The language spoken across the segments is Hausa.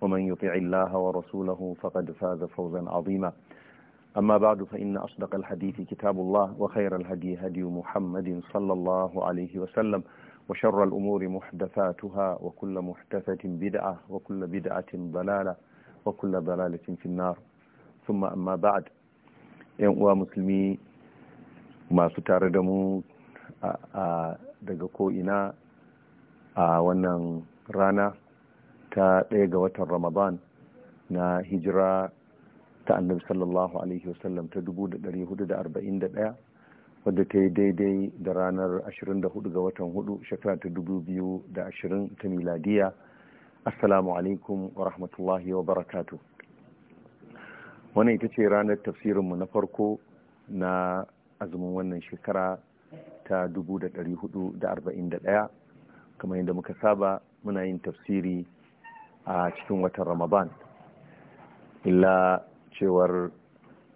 ومن يطع الله ورسوله فقد فاز فوزا عظيما أما بعد فإن أصدق الحديث كتاب الله وخير الهدي هدي محمد صلى الله عليه وسلم وشر الأمور محدثاتها وكل محدثة بدعة وكل بدعة ضلالة وكل ضلالة في النار ثم أما بعد ومسلمي ما ستاردمو daga ko'ina a wannan rana ta ɗaya ga watan ramadan na hijira ta annabi sallallahu alaihi wasallam ta 1441 wadda ta yi daidai da ranar 24 ga watan hudu shekara ta 2020 ta miladiya assalamu alaikum wa rahmatullahi wa barakatu wannan ita ce ranar tafsirinmu na farko na azumin wannan shekara ta ɗaya, kamar yadda muka saba muna yin tafsiri a cikin watan ramadan illa cewar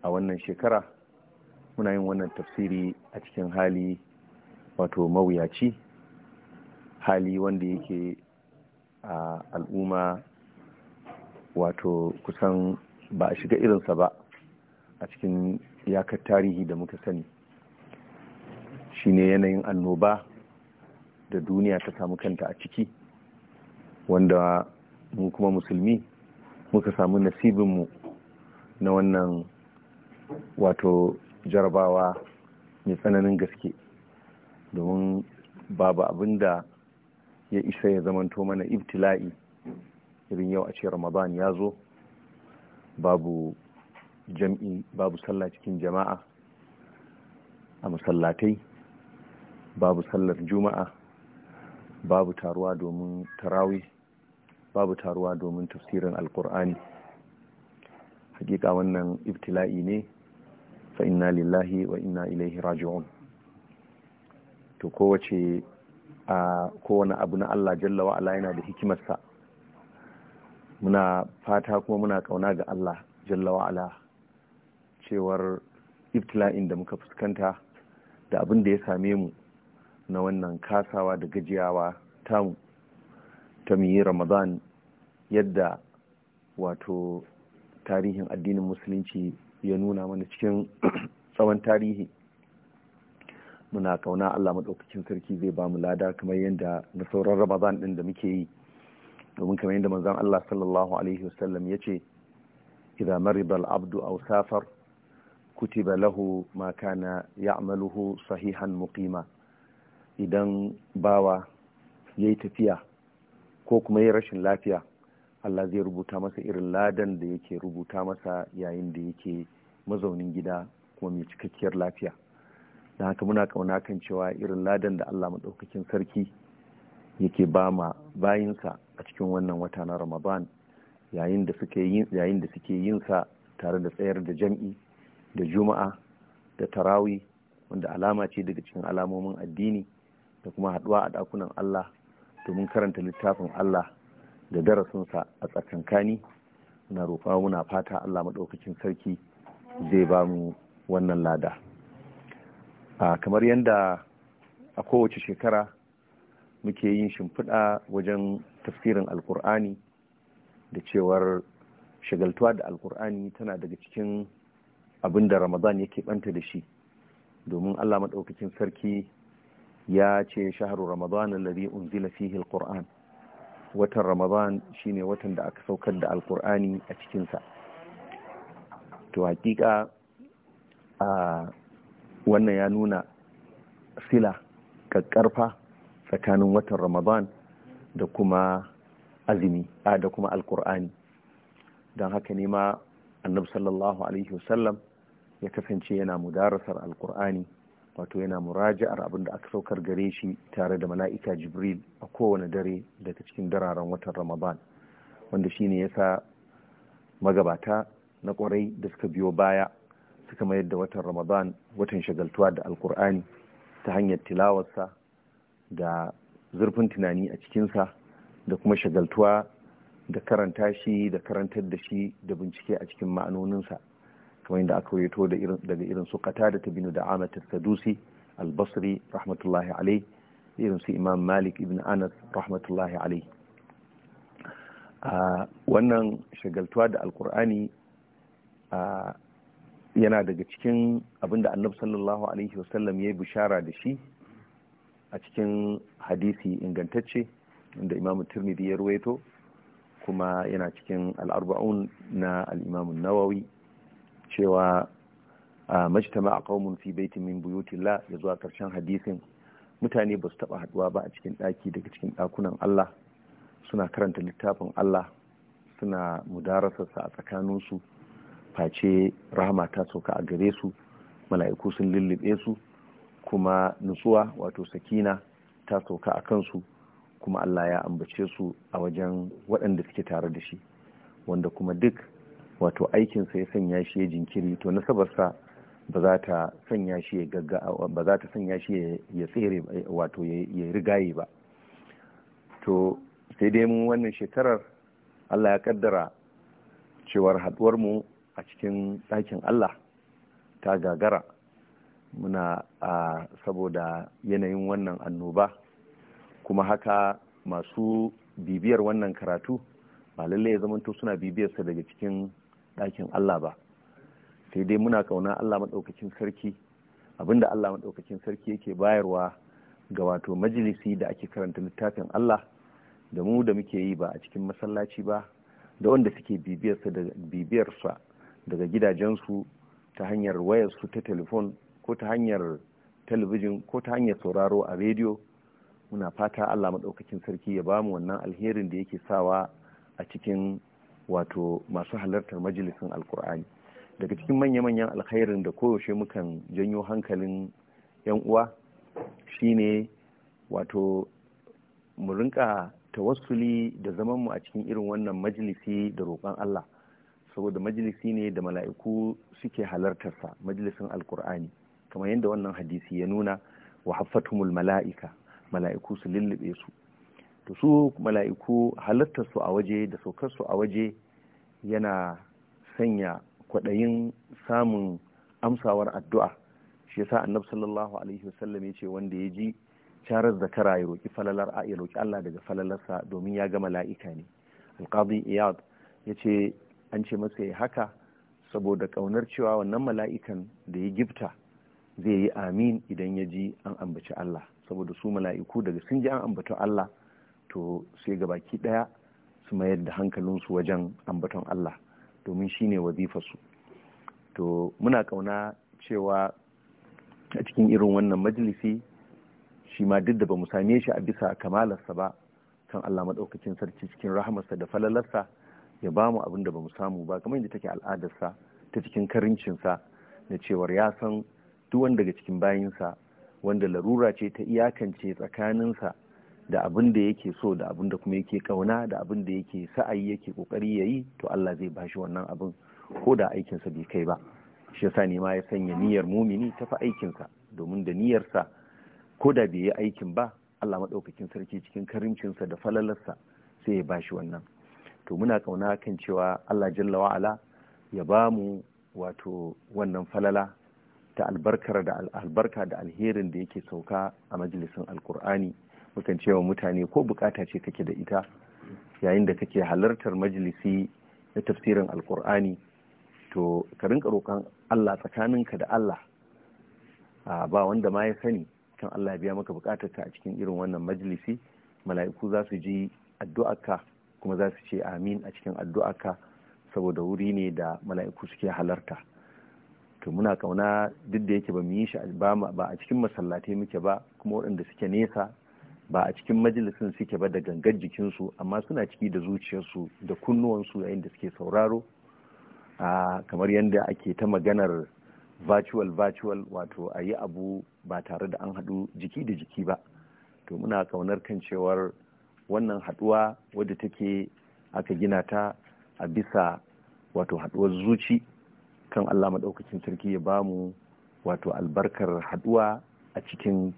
a wannan shekara muna yin wannan tafsiri a cikin hali wato mawuyaci hali wanda yake a al'umma wato kusan ba a shiga irinsa ba a cikin iyakar tarihi da muka sani shine yanayin annoba da duniya ta samu kanta a ciki wanda mu kuma musulmi muka samu nasibinmu na wannan wato jarabawa mai tsananin gaske domin babu abin da ya isa ya zamanto mana ibtila'i irin yau a ce ramadan ya zo babu jam'i babu sallah cikin jama'a a masallatai babu sallar juma'a babu taruwa domin tarawi babu taruwa domin tafsirin alkur'ani hakika wannan ibtila'i ne fa inna lillahi wa inna ilaihi raji'un to kowace a kowane abu na Allah jalla wa yana da hikimarsa muna fata kuma muna kauna ga Allah jalla wa cewar ibtila'in da muka fuskanta da abin da ya same mu na wannan kasawa da gajiyawa tamu ta muyi ramadan yadda wato tarihin addinin musulunci ya nuna mana cikin tsawon tarihi muna kauna Allah maɗaukakin sarki zai ba mu lada kamar yadda na sauran ramadan ɗin da muke yi domin kamar yadda manzan Allah sallallahu alaihi wasallam ya ce idan maribal abdu aw safar kutiba lahu ma kana ya'maluhu sahihan muqima idan bawa yayi tafiya ko kuma ya rashin lafiya Allah zai rubuta masa irin ladan da yake rubuta masa yayin da yake mazaunin gida kuma mai cikakkiyar lafiya da haka muna kauna kan cewa irin ladan da Allah maɗaukakin sarki yake ba ma bayinsa a cikin wannan wata na Ramadan yayin yin yayin da suke yin sa tare da tsayar da jam'i da juma'a da tarawi wanda alama ce daga cikin alamomin addini da kuma haɗuwa a ɗakunan Allah domin karanta littafin Allah da darasinsa a tsakankani na roƙa muna fata Allah maɗaukacin sarki zai ba mu wannan lada kamar yadda a kowace shekara muke yin shimfiɗa wajen tafsirin alkur'ani da cewar shagaltuwa da alkur'ani tana daga cikin abin da ramadan yake ɓanta da shi domin allah maɗaukakin sarki ya ce shaharu ramadan alladhi unzila fihi alquran watan ramadan shine watan da aka saukar da alqur'ani a cikin sa to hakika a wannan ya nuna sila kakkarfa tsakanin watan ramadan da kuma azumi da kuma alqur'ani don haka ne ma annabi sallallahu alaihi wasallam ya kasance yana mudarasar alqur'ani wato yana muraja'ar abin da aka saukar gare shi tare da mala'ika jibril a kowane dare daga cikin dararen watan ramadan wanda shine sa magabata na kwarai da suka biyo baya suka mayar da watan ramadan watan shagaltuwa da alkur'ani ta hanyar tilawarsa da zurfin tunani a cikinsa da kuma shagaltuwa da karanta shi da karantar da shi da bincike a cikin ma'anoninsa kamar yadda aka waito daga irin su qatada ta binu da amat sadusi al-basri rahmatullahi alai irin su imam malik ibn anas rahmatullahi alai wannan shagaltuwa da alkur'ani yana daga cikin abinda annabi sallallahu alaihi wasallam ya yi bishara da shi a cikin hadisi ingantacce inda imam tirmidhi ya ruwaito kuma yana cikin al'arba'un na al'imamun nawawi cewa majtama a qaumun fi baitin min buyutillah ya zuwa karshen hadisin mutane ba su taba haduwa ba a cikin daki daga cikin dakunan Allah suna karanta littafin Allah suna mudarasarsa a tsakaninsu face rahama ta sauka a gare su mala'iku sun lullube su kuma nutsuwa wato sakina ta sauka a kansu kuma Allah ya ambace su a wajen waɗanda suke tare da shi wanda kuma duk wato aikinsa ya sanya shi ya jinkiri to nasabarsa ba za ta sanya shi ya gagga ba za ta sanya shi ya tsere wato ya rigaye ba to sai dai mu wannan shekarar Allah ya kaddara cewar haduwar mu a cikin ɗakin Allah ta gagara muna a saboda yanayin wannan annoba kuma haka masu bibiyar wannan karatu ba lallai ya zamanto suna bibiyarsa daga cikin ɗakin Allah ba sai dai muna kauna Allah maɗaukacin sarki abinda Allah maɗaukacin sarki yake bayarwa ga wato majalisi da ake karanta littafin Allah da mu da muke yi ba a cikin masallaci ba da wanda suke bibiyarsa daga gidajensu ta hanyar wayarsu ta telefon ko ta hanyar talabijin ko ta hanyar sauraro a rediyo muna fata Allah maɗaukacin sarki ya bamu wannan alherin da yake sawa a cikin wato masu halartar majalisin alkur'ani daga cikin manya-manyan alkhairin da koyaushe mukan janyo hankalin 'yan uwa shine wato mu rinka tawassuli da zaman mu a cikin irin wannan majalisi da roƙon Allah saboda majalisi ne da mala'iku suke halartarsa majalisin alkur'ani kamar yadda wannan hadisi ya nuna wa haffatumul mala'ika mala'iku su lullube su to su mala'iku halartarsu su a waje da saukar su a waje yana sanya kwaɗayin samun amsawar addu'a shi yasa annabi sallallahu alaihi wasallam yace wanda ya ji charar zakara ya roki falalar a ya roki Allah daga falalarsa domin ya ga mala'ika ne alqadi iyad yace an ce masa ya haka saboda kaunar cewa wannan mala'ikan da ya gifta zai yi amin idan ya ji an ambaci Allah saboda su mala'iku daga sun ji an ambaci Allah to sai ga baki daya su mayar da hankalinsu wajen ambaton Allah domin shi shine wazifarsu to muna kauna cewa a cikin irin wannan majalisi shi ma duk da ba mu same shi a bisa kamalarsa ba kan Allah maɗaukacin sarki cikin rahamarsa da falalarsa ya ba mu abin da ba mu samu ba kamar yadda take al'adarsa ta cikin karincinsa na cewar ya san duk wanda daga cikin bayinsa wanda larura ce ta iyakance tsakaninsa da abin da yake so da abin da kuma yake kauna da abin da yake sa'ayi yake kokari yayi to Allah zai bashi wannan abin ko da aikinsa bai kai ba shi yasa ne ma ya sanya niyyar mumini ta fa aikinsa domin da niyyarsa ko da bai yi aikin ba Allah madaukakin sarki cikin karimcinsa da falalarsa sai ya bashi wannan to muna kauna kan cewa Allah jalla Ala ya ba mu wato wannan falala ta albarkar da albarka da alherin da yake sauka a majalisin alkur'ani mukan ce wa mutane ko bukata ce kake da ita yayin da kake halartar majalisi na tafsirin alkur'ani to ka rinka roƙon Allah tsakaninka da Allah ba wanda ma ya sani kan Allah biya maka ka a cikin irin wannan majalisi mala'iku za su ji addu'arka kuma za su ce amin a cikin addu'arka saboda wuri ne da mala'iku suke halarta to muna kauna duk da yake ba mu yi shi ba a cikin masallatai muke ba kuma waɗanda suke nesa ba a cikin majalisin suke ba da gangar jikinsu amma suna ciki da zuciyarsu da kunnuwansu yayin da suke sauraro a kamar yadda ake ta maganar virtual virtual wato a yi abu ba tare da an haɗu jiki da jiki ba to muna kaunar kan cewar wannan haɗuwa wadda take aka gina ta a bisa wato haɗuwar zuci kan allah maɗaukacin sarki ya ba mu wato albarkar haɗuwa a cikin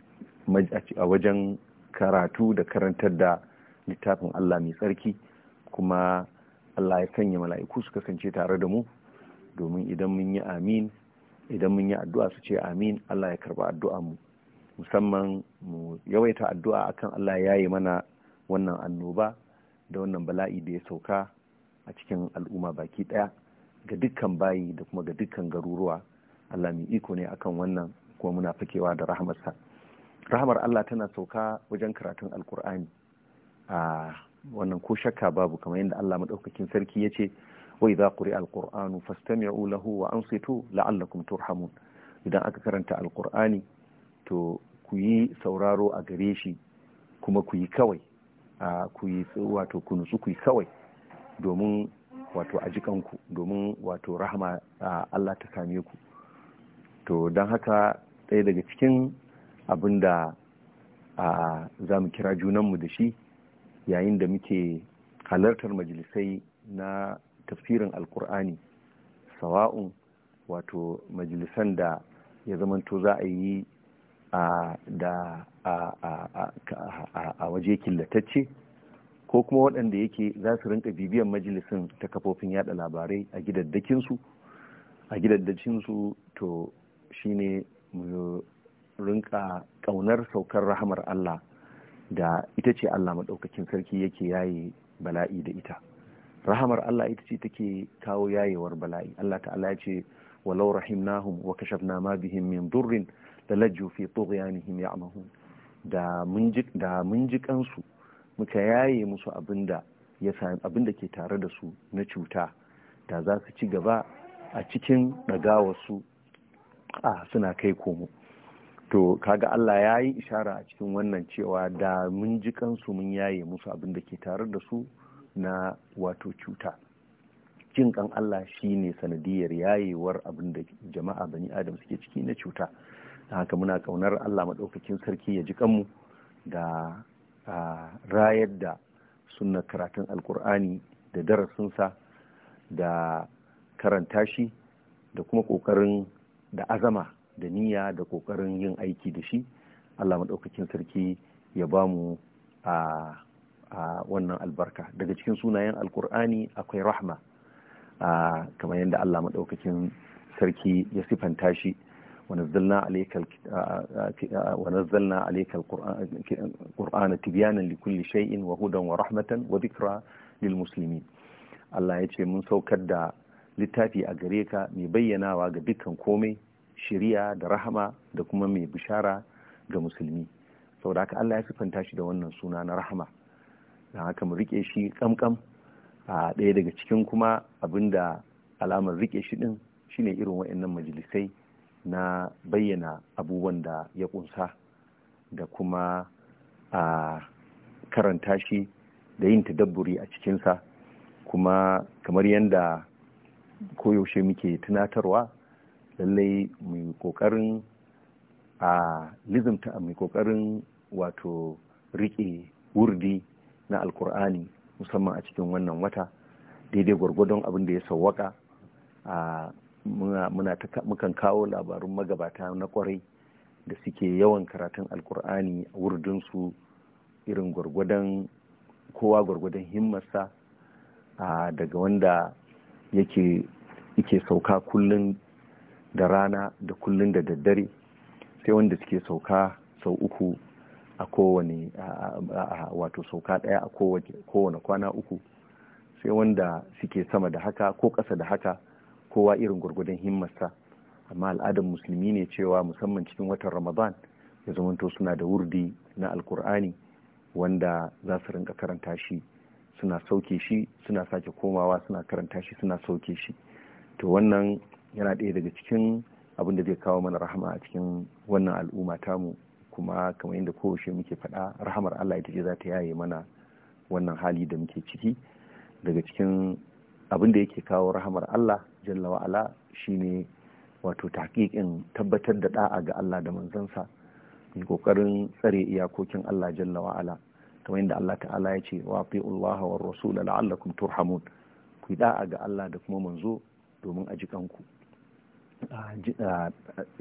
a wajen karatu da karantar da littafin Allah mai tsarki kuma Allah ya sanya mala'iku su kasance tare da mu domin idan mun yi amin idan mun yi addu'a su ce amin Allah ya karba addu'a mu musamman mu yawaita addu'a akan Allah ya yi mana wannan annoba da wannan bala'i da ya sauka a cikin al'umma baki ɗaya ga dukkan bayi da kuma ga dukkan garuruwa Allah mai iko ne akan wannan kuma muna fakewa da rahamarsa. rahamar Allah tana sauka wajen karatun alkur'ani a wannan ko shakka babu kamar yadda Allah madaukakin sarki ya ce wa idza quri'a alqur'anu fastami'u lahu wa ansitu la'allakum turhamun idan aka karanta alkur'ani to ku yi sauraro a gare shi kuma ku yi kawai a ku yi wato ku nutsu ku yi kawai domin wato a jikanku domin wato rahama Allah ta same ku to don haka ɗaya daga cikin abinda za mu kira junanmu da shi yayin da muke halartar majalisai na tafsirin alkur'ani sawa'un wato majalisan da ya zamanto za a yi da a waje killatacce ko kuma waɗanda yake za su rinka bibiyan majalisin ta kafofin yada labarai a gidaddakinsu a gidaddakinsu to shine rinka ƙaunar saukar rahamar Allah da ita ce Allah maɗaukakin sarki yake yaye bala'i da ita rahamar Allah ita ce take kawo yayewar bala'i Allah ta'ala ya ce walau rahimnahum wa kashafna ma bihim min durrin da lajju fi tughyanihim ya'mahun da mun ji da mun ji kansu muka yaye musu abinda da ke tare da su na cuta da za su ci gaba a cikin ɗagawarsu a suna kai komo to kaga Allah ya yi ishara a cikin wannan cewa da mun ji kansu mun yaye musu abin da ke tare da su na wato cuta jin kan Allah shi ne sanadiyar yayewar abin da jama'a bani adam suke ciki na cuta Da haka muna kaunar Allah maɗaukakin sarki ya ji kanmu da rayar da sunna karatun alkur'ani da darasinsa da karanta shi da kuma ƙoƙarin da azama da niyya da kokarin yin aiki da shi Allah maɗaukakin sarki ya ba mu a wannan albarka daga cikin sunayen alkur'ani akwai rahma kamar yadda Allah maɗaukakin sarki ya sifanta shi ونزلنا عليك ونزلنا wa القرآن تبيانا لكل شيء وهدى ورحمة وذكرى للمسلمين الله يجي من saukar da littafi a gare ka mai bayyanawa ga dukkan komai shiriya da rahama da kuma mai bishara ga musulmi saboda haka Allah ya sifanta shi da wannan suna na rahama don haka mu rike shi kamkam a ɗaya daga cikin kuma abinda alamar rike shi din shine irin waɗannan majalisai na bayyana abubuwan da ya kunsa da kuma a karanta shi da yin tadabburi a cikinsa kuma kamar yadda koyaushe muke tunatarwa lallai mai kokarin a lizimta mai kokarin wato rike wurdi na alkur'ani musamman a cikin wannan wata daidai gwargwadon abin da ya sawwaka a muna mukan kawo labarun magabata na ƙwarai da suke yawan karatun alkur'ani a wurdinsu irin gwargwadon kowa gwargwadon himmarsa daga wanda yake sauka kullum da rana da kullum da daddare sai wanda suke sauka sau uku a kowane wato sauka ɗaya a kowane kwana uku sai wanda suke sama da haka ko ƙasa da haka kowa irin gwargwadon himmasta. amma al'adar musulmi ne cewa musamman cikin watan ramadan ya zamanto suna da wurdi na alkur'ani wanda za su rinka karanta shi suna sauke shi suna sake komawa suna karanta shi suna sauke shi to wannan yana ɗaya daga cikin abin da zai kawo mana rahama a cikin wannan al'umma mu kuma kamar yadda kowace muke faɗa rahamar Allah ita ce za ta yaye mana wannan hali da muke ciki daga cikin abin da yake kawo rahamar Allah jalla wa'ala shine wato tahqiqin tabbatar da da'a ga Allah da manzansa kokarin tsare iyakokin Allah jalla wa'ala kamar yadda Allah ta'ala ya ce wa Allah wa rasul la'allakum turhamun ku da'a ga Allah da kuma manzo domin a kanku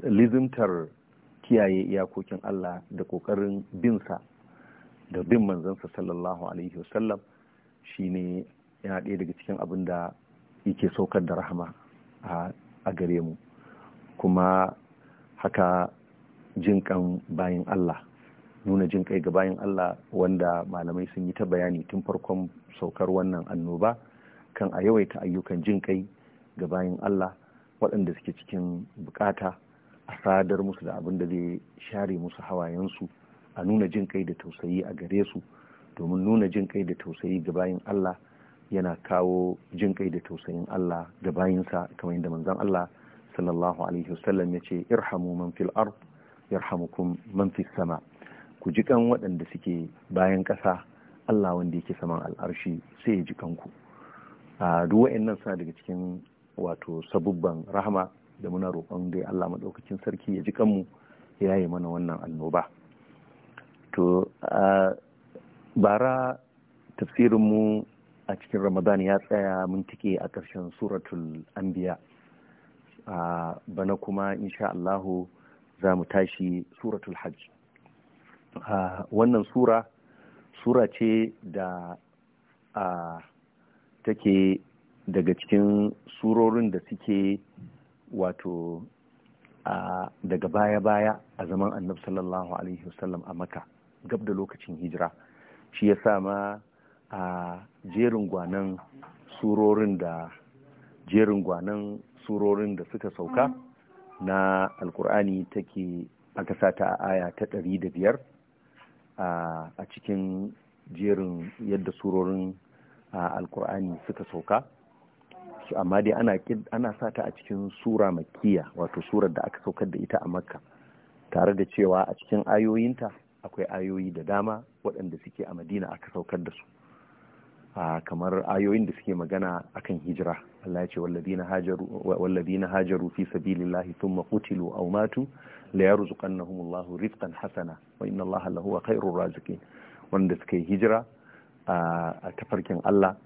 lizimtar kiyaye iyakokin Allah da ƙoƙarin binsa da bin manzansa sallallahu alaihi wasallam shine yana ɗaya daga cikin abin da yake saukar da rahama a gare mu kuma haka jinkan bayan Allah nuna jin kai ga bayan Allah wanda malamai sun yi ta bayani tun farkon saukar wannan annoba kan a yawaita ayyukan jin kai ga bayan Allah waɗanda suke cikin bukata a sadar musu da abin da zai share musu hawayensu a nuna jin kai da tausayi a gare su domin nuna jin kai da tausayi ga bayin Allah yana kawo jin kai da tausayin Allah ga bayinsa kamar yadda manzan Allah sallallahu alaihi wasallam ya ce irhamu man fil ard yarhamukum man fis sama ku ji kan waɗanda suke bayan ƙasa Allah wanda yake saman al'arshi sai ya ji kanku a duk waɗannan suna daga cikin wato sabubban rahama da muna roƙon dai Allah maɗaukacin sarki ya ji kanmu ya yi mana wannan annoba to a bara tafsirinmu a cikin ramadan ya tsaya mun tike a ƙarshen suratul anbiya a bana kuma insha Allahu za mu tashi suratul hajj wannan sura sura ce da take daga cikin surorin da suke wato daga baya-baya a zaman annab sallallahu alaihi wasallam a maka gab da lokacin hijira shi ya sa ma a jerin gwanan surorin da jerin gwanan surorin da suka sauka na alkur'ani take aka sata a aya ta ɗari da biyar a cikin jerin yadda surorin alkur'ani suka sauka to amma dai ana ana sa ta a cikin sura Makiya, wato surar da aka saukar da ita a makka tare da cewa a cikin ayoyinta akwai ayoyi da dama waɗanda suke a madina aka saukar da su kamar ayoyin da suke magana akan hijira Allah ya ce walladina hajaru walladina hajaru fi sabilillahi thumma qutilu aw matu la yarzuqannahumullahu rizqan hasana wa inna Allaha lahuwa khairur raziqin wanda suka yi hijira a tafarkin Allah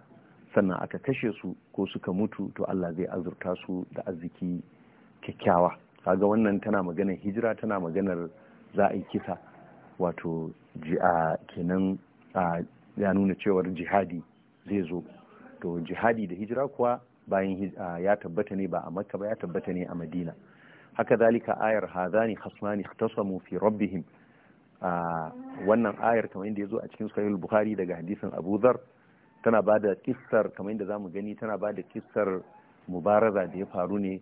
sannan aka kashe su ko suka mutu to Allah zai azurta su da arziki kyakkyawa kaga wannan tana maganar hijira tana maganar za a yi kisa wato kenan ya nuna cewar jihadi zai zo to jihadi da hijira kuwa bayan ya tabbata ne ba a makka ba ya tabbata ne a madina haka zalika ayar hazani khasmani ikhtasamu fi rabbihim wannan ayar kamar inda ya zo a cikin sahih bukhari daga hadisin abu dhar tana ba da kissar kamar yadda zamu gani tana ba da kissar mubaraza da ya faru ne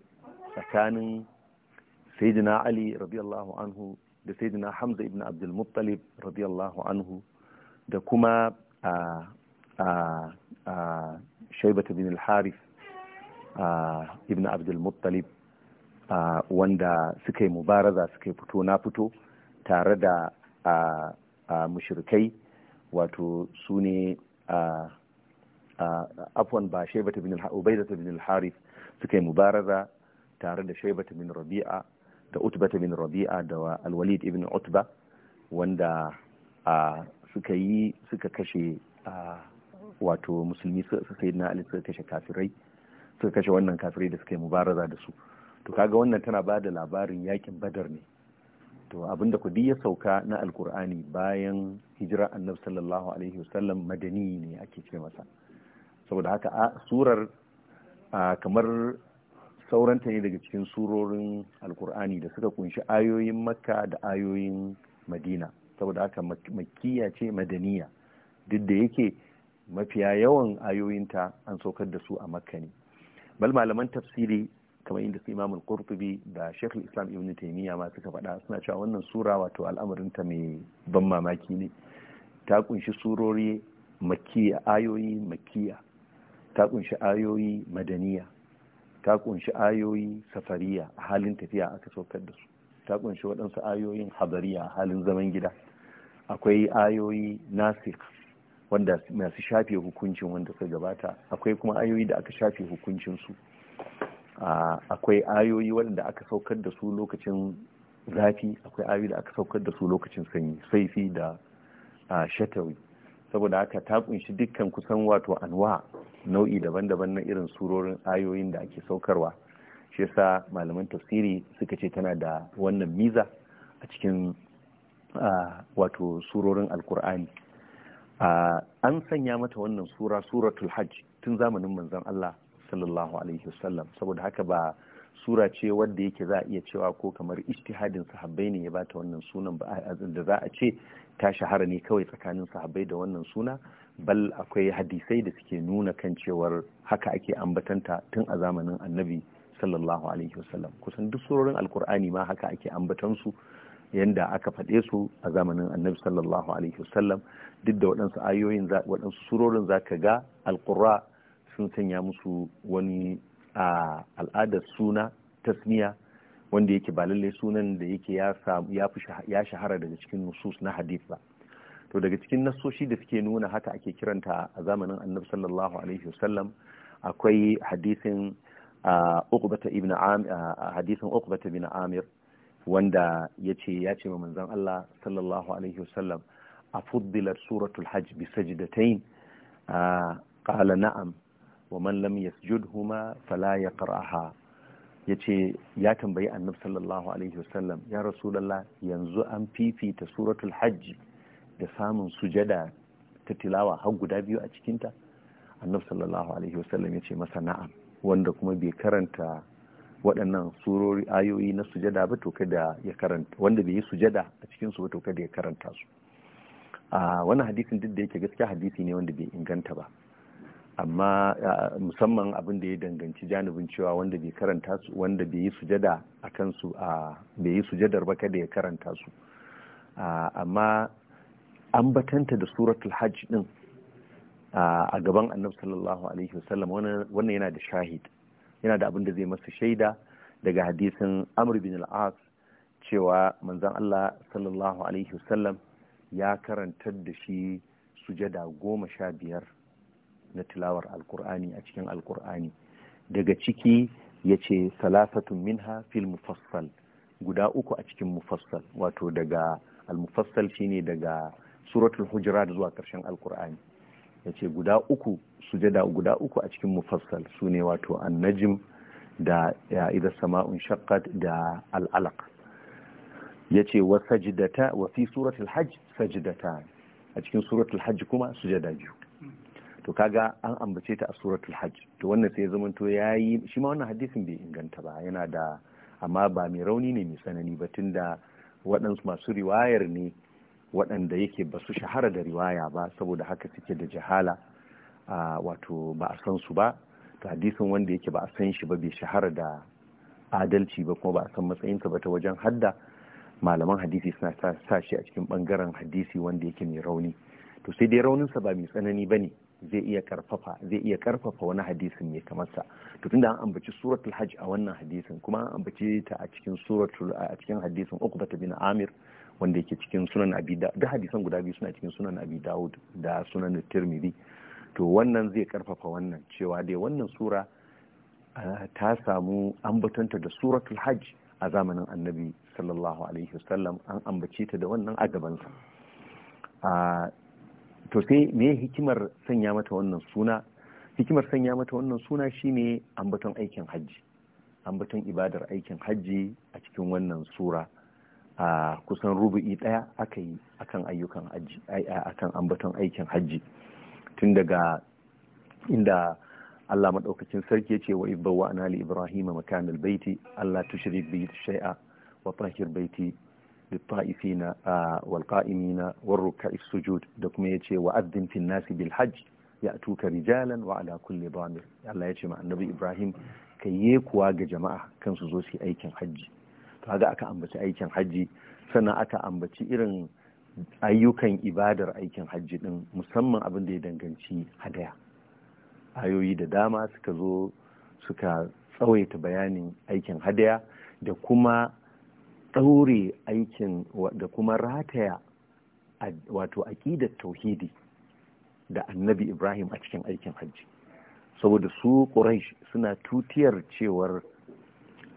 tsakanin sayyidina ali radiyallahu anhu da sayyidina hamza ibn abdul muttalib radiyallahu anhu da kuma a a shaibata bin al-harith ibn abdul muttalib wanda suka yi mubaraza suka yi fito na fito tare da mushrikai wato su ne a Uh, afwan ba shaibata bin ubaidata bin al-harith suka yi mubaraza tare da shaibata bin rabi'a da utbata bin rabi'a da al-walid ibn utba wanda uh, suka yi suka kashe uh, wato musulmi su na ali suka kashe kafirai suka kashe wannan kafirai da suka yi mubaraza da su to kaga wannan tana ba da labarin yakin badar ne to abinda ku ya sauka na alkur'ani bayan hijira annabi sallallahu alaihi wasallam madani ne ake ce masa saboda haka a surar kamar sauranta ne daga cikin surorin alkur'ani da suka kunshi ayoyin makka da ayoyin madina saboda haka makkiya ce madaniya duk da yake mafiya yawan ayoyinta an saukar da su a makka ne bal malaman tafsiri kamar inda su imamul qurtubi da shekul islam ibn taimiyya ma suka faɗa suna cewa wannan sura wato al'amarinta mai ban mamaki ne ta kunshi surori makiya ayoyi makiya ta kunshi ayoyi madaniya ta kunshi ayoyi safariya a halin tafiya aka saukar da su ta kunshi waɗansu ayoyin habariya a halin zaman gida akwai ayoyi nasik wanda masu shafe hukuncin wanda suka gabata akwai kuma ayoyi da aka shafe hukuncinsu akwai ayoyi waɗanda aka saukar da su lokacin zafi akwai ayoyi da aka saukar da su lokacin sanyi saifi da shatawi saboda haka ta kunshi dukkan kusan wato anwa nau'i daban-daban na irin surorin ayoyin da ake saukarwa shi yasa malaman tafsiri suka ce tana da wannan miza a cikin wato surorin alkur'ani an sanya mata wannan sura suratul hajj tun zamanin manzon Allah sallallahu alaihi wasallam saboda haka ba sura ce wadda yake za a iya cewa ko kamar ijtihadin sahabbai ne ya bata wannan sunan ba da za a ce ta shahara ne kawai tsakanin sahabbai da wannan suna bal akwai hadisai da suke nuna kan cewar haka ake ambatanta tun a zamanin annabi sallallahu alaihi wasallam kusan duk surorin alkur'ani ma haka ake ambatansu yanda aka faɗe su a zamanin annabi sallallahu alaihi wasallam duk da waɗansu ayoyin waɗansu surorin za ka ga alkura sun sanya musu wani a al'adar suna tasmiya wanda yake ba lallai sunan da yake ya shahara daga cikin nusus na hadith ba to daga cikin nasoshi da suke nuna haka ake kiranta a zamanin annabi sallallahu alaihi wasallam akwai hadisin uqbata ibn hadisin uqbata ibn amir wanda yace ya ce ma manzon Allah sallallahu alaihi wasallam afuddilat suratul hajj bi sajdatayn qala na'am wa man lam yasjudhuma fala yaqra'aha ya ce ya tambayi annabi sallallahu alaihi wasallam ya rasulallah yanzu an fifita suratul hajji da samun sujada ta tilawa har guda biyu a cikinta annabi sallallahu alaihi wasallam ya ce masa na'am wanda kuma bai karanta waɗannan surori ayoyi na sujada ba to kada ya karanta wanda bai yi sujada a cikin su ba to kada ya karanta su a ah, wannan hadisin duk da yake gaskiya hadisi ne wanda bai inganta ba amma musamman abin da ya danganci janibin cewa wanda bai karanta su wanda bai yi sujada a kansu a bai yi sujadar ba kada ya karanta su amma an batanta da suratul hajj din a gaban annabi sallallahu alaihi wasallam wannan yana da shahid yana da abin da zai masa shaida daga hadisin amr bin al-as cewa manzon Allah sallallahu alaihi wasallam ya karantar da shi sujada goma sha biyar na tilawar alkur'ani a cikin alkur'ani daga ciki ya ce salafatun minha fil mufassal guda uku a cikin mufassal wato daga almufassal shine daga suratul hujurat zuwa karshen alkur'ani ya ce guda uku sujada guda uku a cikin mufassal su ne wato annajim da ya sama'un shakkat da al'alaq ya ce wa sajdata wa fi suratul hajj sajdata a cikin suratul hajj kuma sujada biyu to kaga an ambace ta a suratul hajj to wannan sai ya zama to yayi shi ma wannan hadisin bai inganta ba yana da amma ba mai rauni ne mai tsanani ba tunda waɗansu masu riwayar ne waɗanda yake ba su shahara da riwaya ba saboda haka suke da jahala wato ba a san su ba to hadisin wanda yake ba a san shi ba bai shahara da adalci ba kuma ba a san matsayinsa ba ta wajen hadda malaman hadisi suna sa shi a cikin bangaren hadisi wanda yake mai rauni to sai dai rauninsa ba mai tsanani ba ne zai iya karfafa zai iya karfafa wani hadisin mai kamar sa to tunda an ambaci suratul hajj a wannan hadisin kuma an ambace ta a cikin suratul a cikin hadisin uqbah bin amir wanda yake cikin sunan abi da duk hadisan guda biyu suna cikin sunan abi daud da sunan tirmidhi to wannan zai karfafa wannan cewa dai wannan sura ta samu ambatanta da suratul hajj a zamanin annabi sallallahu alaihi wasallam an ambace ta da wannan a gabansa to sai me hikimar sanya mata wannan suna hikimar sanya mata wannan suna shine ambaton aikin hajji ambaton ibadar aikin hajji a cikin wannan sura a kusan rubu'i daya aka yi akan ayyukan hajji akan ambaton aikin hajji tun daga inda Allah madaukakin sarki ya ce wa ibba wa anali ibrahima makanal baiti Allah tushrik bi shay'a wa tahir baiti Lippa Isina walƙa Emi na warin Rukaiyya da kuma ya ce wa asibiti nasibin hajji ya tuka rijalan wa alakule bano. Allah ya ce ma'an Ibrahim ka yi yekuwa ga jama'a kan su zo suke aikin hajji. To a aka ambaci aikin hajji sannan aka ambaci irin ayyukan ibadar aikin hajji din musamman abin da ya danganci hadaya. Ayoyi da dama suka zo suka tsawaita bayanin aikin hadaya da kuma. ɗaure aikin da kuma rataya wato aƙidar tauhidi da annabi ibrahim a cikin aikin hajji saboda su quraish suna tutiyar cewar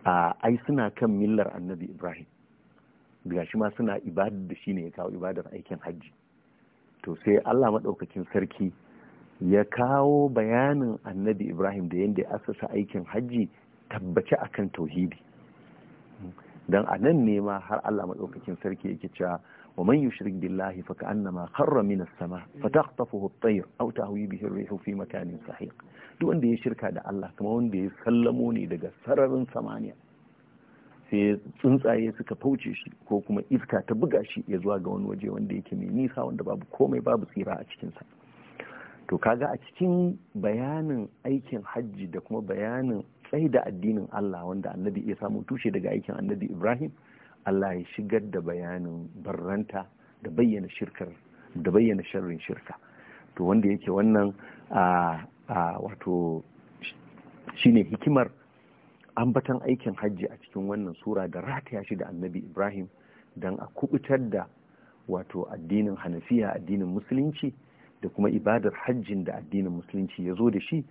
a ai suna kan millar annabi ibrahim daga shi ma suna ibadar da shi ne ya kawo ibadar aikin hajji to sai allah maɗaukakin sarki ya kawo bayanin annabi ibrahim da yadda ya asasa aikin hajji tabbace akan tauhidi dan a nan ne ma har Allah madaukakin sarki yake cewa wa man yushrik billahi fa ka'annama kharra min as-sama fa taqtafuhu at-tayr aw tahwi bihi ar-rihu fi makanin sahiq duk wanda ya shirka da Allah kamar wanda ya sallamo ne daga sararin samaniya sai tsuntsaye suka fauce shi ko kuma iska ta buga shi ya zuwa ga wani waje wanda yake mai nisa wanda babu komai babu tsira a cikinsa to kaga a cikin bayanin aikin hajji da kuma bayanin tsaye da addinin Allah wanda annabi ya samu tushe daga aikin annabi Ibrahim Allah ya shigar da bayanin barranta da bayyana shirkar da bayyana sharrin shirka to wanda yake wannan a wato shine hikimar ambatan aikin hajji a cikin wannan sura da rataya shi da annabi Ibrahim dan a kubutar da wato addinin hanafiya addinin musulunci da kuma ibadar hajjin da addinin musulunci ya zo da shi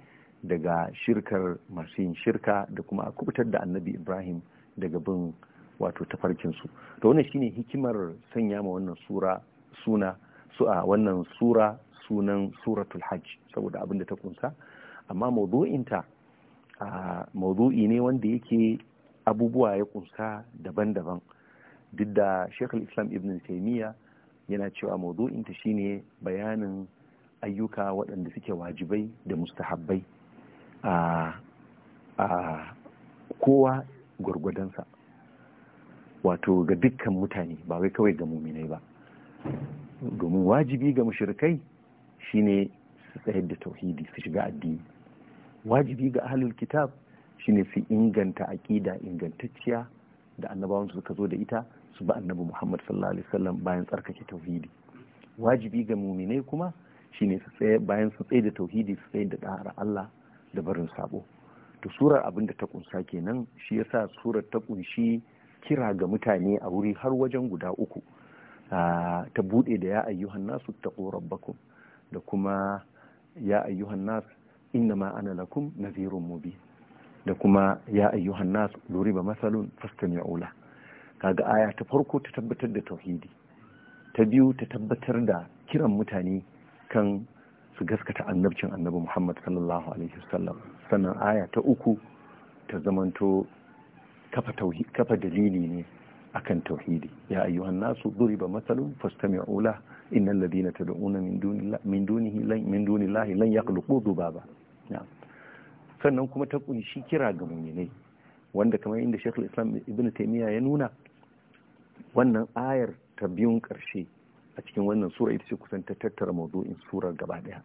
daga shirkar masu yin shirka da kuma a kubutar da annabi ibrahim daga bin wato tafarkinsu to wannan shine hikimar sanya ma wannan sura suna su a wannan sura sunan suratul hajj saboda abin da ta kunsa amma maudu'inta maudu'i ne wanda yake abubuwa ya kunsa daban-daban duk da shekul islam ibn taimiyya yana cewa maudu'inta shine bayanin ayyuka waɗanda suke wajibai da mustahabbai a kowa gwargwadonsa wato ga dukkan mutane ba wai kawai ga muminai ba domin wajibi ga mushrikai shine su tsayar da tauhidi su shiga addini wajibi ga ahlul kitab shine su inganta aƙida ingantacciya da annabawansu suka zo da ita su ba annabi Muhammad sallallahu alaihi wasallam bayan tsarkake tauhidi wajibi ga muminai kuma shine su bayan su tsaye da tauhidi su tsaye da da'ar Allah da barin sabo to surar abin da ta kunsa kenan shi yasa surar ta kunshi kira ga mutane a wuri har wajen guda uku ta bude da ya ayyuhan nasu taqu rabbakum da kuma ya ayyuhan nas innama ana lakum nadhirun mubin da kuma ya ayyuhan nas duriba masalun fastami'u ula. kaga aya ta farko ta tabbatar da tauhidi ta biyu ta tabbatar da kiran mutane kan su gaskata annabcin annabi Muhammad sallallahu alaihi wasallam sannan aya ta uku ta zamanto kafa dalili ne akan tauhidi ya ayyuhan nasu duriba masalun fastami'u la innal ladina tad'una min min dunihi lan min dunillahi lan yakhluqu dubaba sannan kuma ta kunshi kira ga mu'minai wanda kamar inda Sheikhul Islam Ibn Taymiyyah ya nuna wannan ayar ta biyun karshe a cikin wannan sura ita ce kusan ta tattara mawdu'in surar gaba daya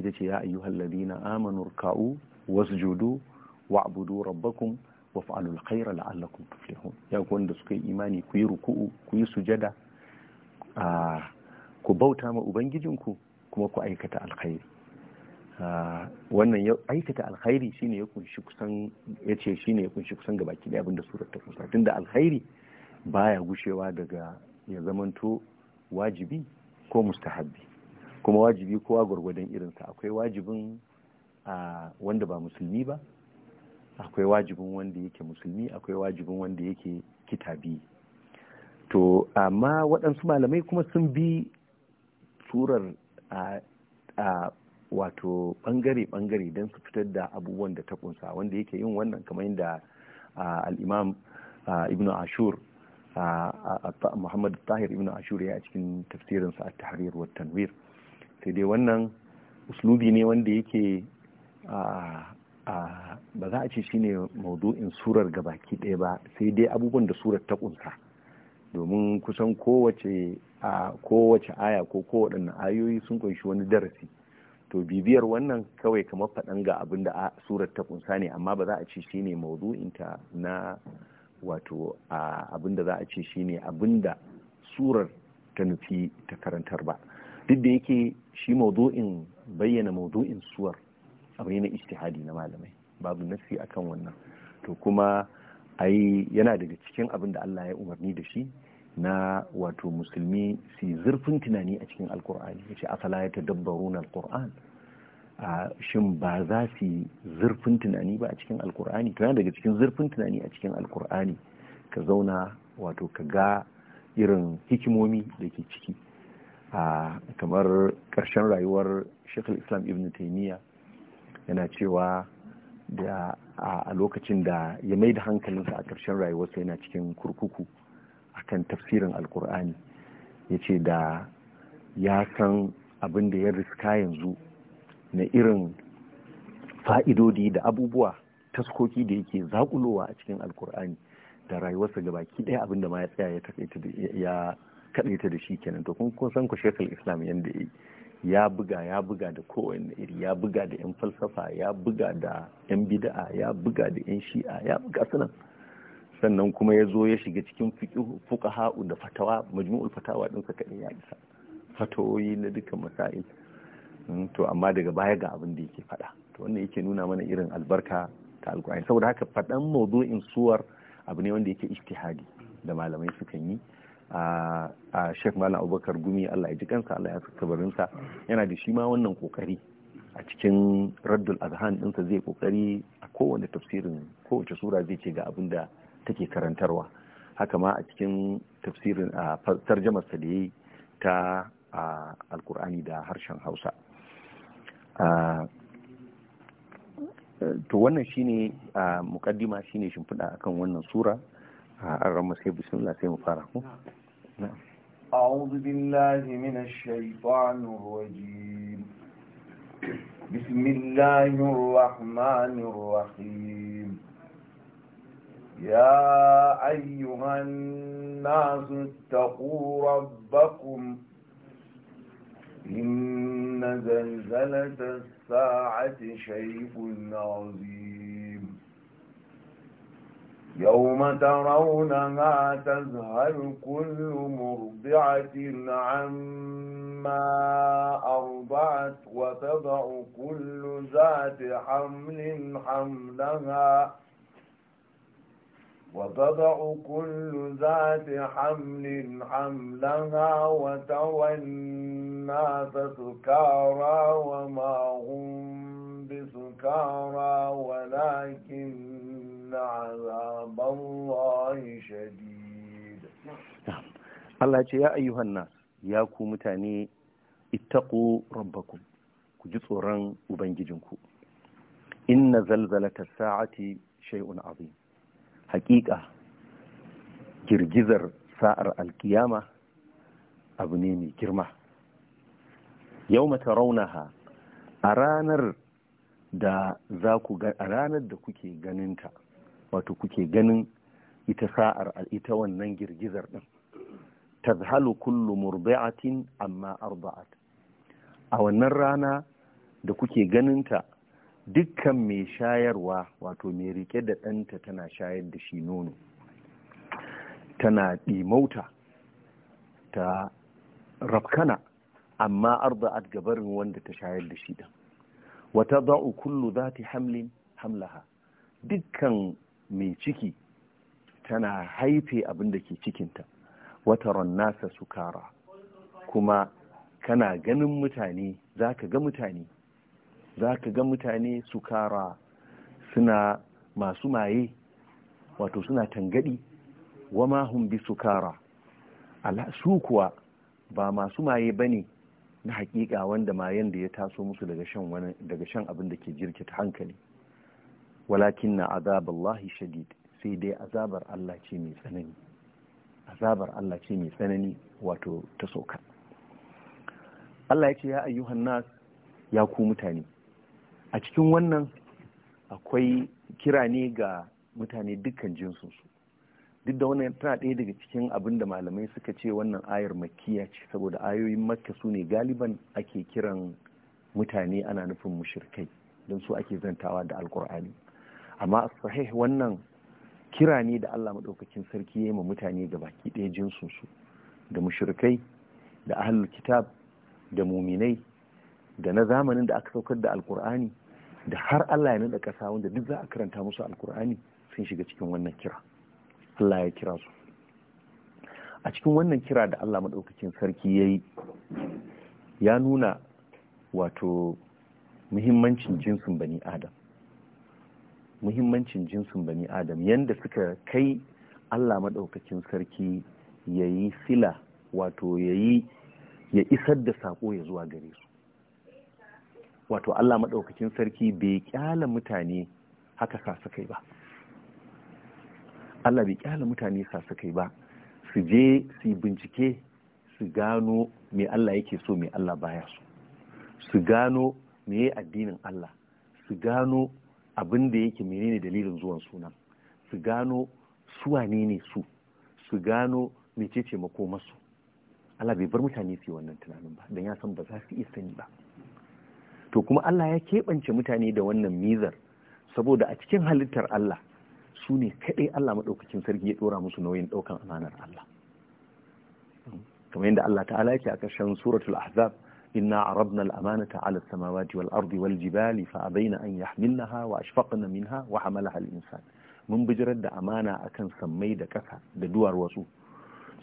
ita ce ya ayyuhal ladina amanu ruka'u wasjudu wa'budu rabbakum wa fa'alul khaira la'allakum tuflihun ya ku wanda suka yi imani ku yi ruku'u ku yi sujada ku bauta ma ubangijinku kuma ku aikata alkhairi wannan ya aikata alkhairi shine ya kunshi kusan ya ce shine ya kunshi kusan gabaki da abinda surar ta kusa tunda alkhairi baya gushewa daga ya zamanto wajibi ko mustahabbi kuma wajibi kowa gwargwadon irinsa akwai wajibin wanda ba musulmi ba akwai wajibin wanda yake musulmi akwai wajibin wanda yake kitabi to amma waɗansu malamai kuma sun bi turar a wato ɓangare-ɓangare don su fitar da abubuwan da ta kunsa wanda yake yin wannan kamar yadda al'imam ibn ashur Muhammad Tahir ibn Ashuri a cikin tafsirinsa at-Tahrir wa Tanwir sai dai wannan uslubi ne wanda yake ba za a ce shine maudu'in surar gabaki ɗaya ba sai dai abubuwan da surar ta kunsa domin kusan kowace kowace aya ko kowaɗanne ayoyi sun kunshi wani darasi to bibiyar wannan kawai kamar faɗan ga abin da surar ta kunsa ne amma ba za a ce shine maudu'inta na wato abinda za a ce shine abinda surar ta nufi ta karantar ba duk da yake shi maudu'in bayyana maudu'in suwar abu ne na ijtihadi na malamai babu nasi akan wannan to kuma ai yana daga cikin abin da Allah ya umarni da shi na wato musulmi su zurfin tunani a cikin alkur'ani yace asala ya tadabbaruna alkur'ani a shin ba za su yi zurfin tunani ba a cikin alkur'ani to yana daga cikin zurfin tunani a cikin alkur'ani ka zauna wato ka ga irin hikimomi da ke ciki a kamar ƙarshen rayuwar shekul islam ibn taimiyya yana cewa da a lokacin da ya mai da hankalinsa a ƙarshen rayuwarsa yana cikin kurkuku a kan tafsirin alkur'ani ya ce da ya san abin da ya riska yanzu na irin fa'idodi da abubuwa taskoki da yake zakulowa a cikin alkur'ani da rayuwarsa ga baki ɗaya abinda da ma ya tsaya ya kaɗaita da shi kenan to kun san ku shekul islam yadda ya ya buga ya buga da kowane iri ya buga da yan falsafa ya buga da yan bida'a ya buga da yan shi'a ya buga sunan sannan kuma ya zo ya shiga cikin fuka ha'u da fatawa majmu'ul fatawa ɗinsa kaɗai ya isa fatawoyi na dukkan masail Hmm, to amma daga baya ga abin da yake faɗa to wannan yake nuna mana irin albarka ta alkur'ani saboda haka faɗan maudu'in suwar abu ne wanda yake ijtihadi da malamai sukan yi a Sheikh Malam Abubakar Gumi Allah ya ji kansa Allah ya barinsa. yana da shi ma wannan kokari a cikin Raddul Azhan ɗinsa zai kokari a kowane tafsirin kowace sura zai ce ga abin da take karantarwa haka ma a cikin tafsirin a sa da yayi ta alkur'ani da harshen Hausa to wannan shine mukaddima shine shimfiɗa akan wannan sura an rama sai bismillah sai mu fara ku أعوذ بالله من الشيطان الرجيم بسم الله الرحمن الرحيم يا أيها الناس اتقوا ربكم إن زلزلة الساعة شيء عظيم يوم ترونها تزهل كل مرضعة عما أرضعت وتضع كل ذات حمل حملها وتضع كل ذات حمل حملها وتولى الناس سكارى وما هم بسكارى ولكن عذاب الله شديد الله يا أيها الناس يا متاني اتقوا ربكم كجزء رن وبنججنكم إن زلزلة الساعة شيء عظيم حقيقة girgizar sa'ar alkiyama abu ne mai girma yau mata raunaha a ranar da za ku a ranar da kuke ganinta wato kuke ganin ita sa'ar ita wannan girgizar din tazhalu kullu murbi'atin amma arba'at a wannan rana da kuke ganinta dukkan mai shayarwa wato mai rike da ɗanta tana shayar da shi nono tana ɗimauta ta rafkana amma arda'at gabarin wanda ta shayar da shi da wata za'u kullu zati hamlin hamlaha dukkan mai ciki tana haife abin da ke cikinta wata rannasa sukara kuma kana ganin mutane za ka ga mutane za ka ga mutane sukara suna masu maye wato suna tangadi wama hum bi sukara ala su kuwa ba masu maye bane na hakika wanda ma yanda ya taso musu daga shan wani daga shan abin da ke jirkita hankali walakin na azaballahi shadid sai dai azabar Allah ce mai tsanani azabar Allah ce mai tsanani wato ta sauka Allah ya ce ya ayyuhan nas ya ku mutane a cikin wannan akwai kira ne ga mutane dukkan su duk da wannan tana ɗaya daga cikin abin da malamai suka ce wannan ayar makiya ce saboda ayoyin makka su ne galiban ake kiran mutane ana nufin mushirkai don su ake zantawa da alkur'ani amma sahih wannan kira ne da allah maɗaukakin sarki ya yi ma mutane ga baki ɗaya jinsu su da mushirkai da ahlul kitab da muminai da na zamanin da aka saukar da alkur'ani da har allah ya naɗa ƙasa wanda duk za a karanta musu alkur'ani sun shiga cikin wannan kira Allah ya kira su a cikin wannan kira da Allah maɗaukakin sarki ya yi ya nuna wato muhimmancin jinsin bani adam muhimmancin jinsin bani adam yadda suka kai Allah maɗaukakin sarki ya yi sila wato ya yi ya isar da saƙo ya zuwa gare su wato Allah maɗaukacin sarki bai ƙyala mutane haka sa suka yi ba Allah bai kyala mutane sa su kai ba su je su bincike su gano me Allah yake so me Allah baya su, su gano me addinin Allah su gano abin da yake menene dalilin zuwan sunan su gano su wanene ne su su gano mecece makomarsu Allah bai bar mutane su yi wannan tunanin ba don ya san ba za su iya sani ba to kuma Allah ya keɓance mutane da wannan mizar saboda a cikin halittar Allah su ne kaɗai Allah maɗaukakin sarki ya ɗora musu nauyin ɗaukan amanar Allah kamar yadda Allah ta'ala yake a ƙarshen suratul ahzab إنا wal الأمانة jibali, السماوات والأرض والجبال wa أن na وأشفقن منها al insan mun bijirar da amana akan sammai da ƙasa da duwar wasu